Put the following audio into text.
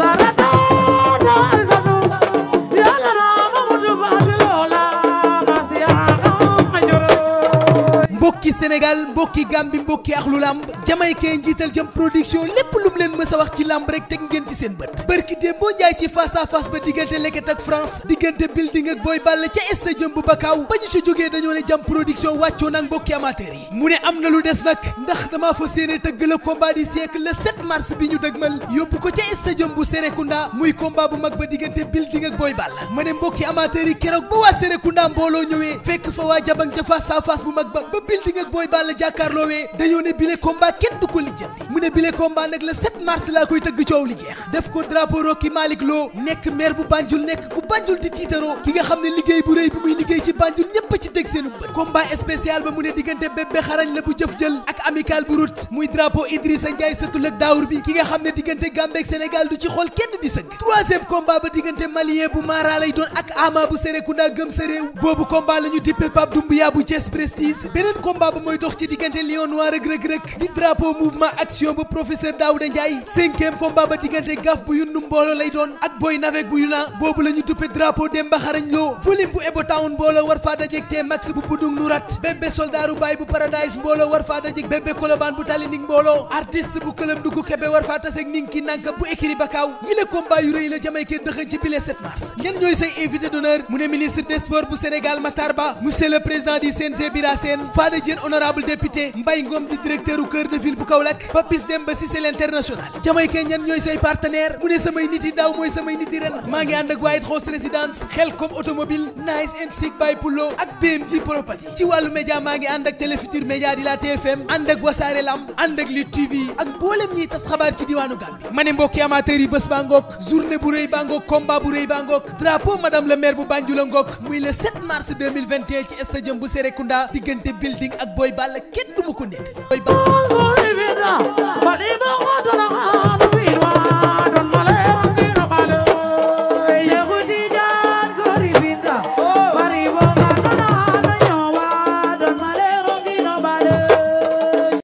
Sara mbokki Sénégal mbokki Gambi mbokki axlu lamb jamaykee njiital jëm production lépp lu mu leen mës a wax ci lamb rek teg ngeen ci seen bët bërki dém boo njaay ci face à face ba diggante leket ak France diggante building ak Boy Balla ca stadium bu Bakaaw ba ñu ci jógee dañoo ne jam production wàccoo nag mbokki amateur yi mu ne am na lu des nag ndax damaa fa séene tëgg la combat du siècle le 7 mars bi ñu dëgmal yóbbu ko ca stadium bu Serekunda muy combat bu mag ba diggante building ak Boy Balla ma ne mbokki amateur yi keroog ba waa Serekunda mbooloo ñëwee fekk fa waa jabang ca face à face bu building ak booy bàll jàkkaarloowee dañoo ne bile combat kenn du ko lijjanti mu ne bile combat nag le mars laa koy tëgg coow li jeex ko drapeau Rocky Malick Lo nekk maire bu Banjul nekk ku Banjul di tiitaroo ki nga xam ne liggéey bu rëy bi muy liggéey ci Banjul ñépp ci teg seenu bët combat ba mu ne diggante bébé xarañ la bu jëf jël ak amical bu rut muy drapeau Idrissa Ndiaye sëtul ak daawur bi ki nga xam ne diggante Gambie ak du ci xool combat ba mooy dox ci diggante lion noir ak Reug Reug di drapeau mouvement action bu professeur Daouda Ndiaye cinquième combat ba diggante gaf bu yundum mbooloo lay doon ak boy navek bu yuna boobu la ñu duppe drapeau Demba xarañ loo volim bu Ebo Town mbooloo war faa dajeg te max bu Budung Nurat bébé soldaaru baay bu paradise mbooloo war faa dajeg bébé kolobaan bu tali mbooloo artiste bu këlëm dugg kebe war faa taseeg ning ki nanka bu ékiri bakaaw yile combat Anna Diène honorable député Mbaye Ngom di directeur u cœur de ville bu Kaolack Papis Demba Cissé l'international jamaïcain ñan ñooy say partenaire mu ne samay nit yi daaw mooy samay nit yi ren maa ngi ànd ak White House Residence Xelcom automobile Nice and Sick by Pullo ak BMG Property ci wàllu média maa ngi ànd ak Télé Futurs Médias di la TFM ànd ak Wassare Lamb ànd ak Lutte TV ak mboolem ñiy tas xabaar ci diwaanu Gambie ma ne mbokki amateurs yi bés baa ngoog journée bu rëy baa ngoog combat bu rëy baa ngoog a ngoog muy building ak Boy Balla kenn du ma ko nett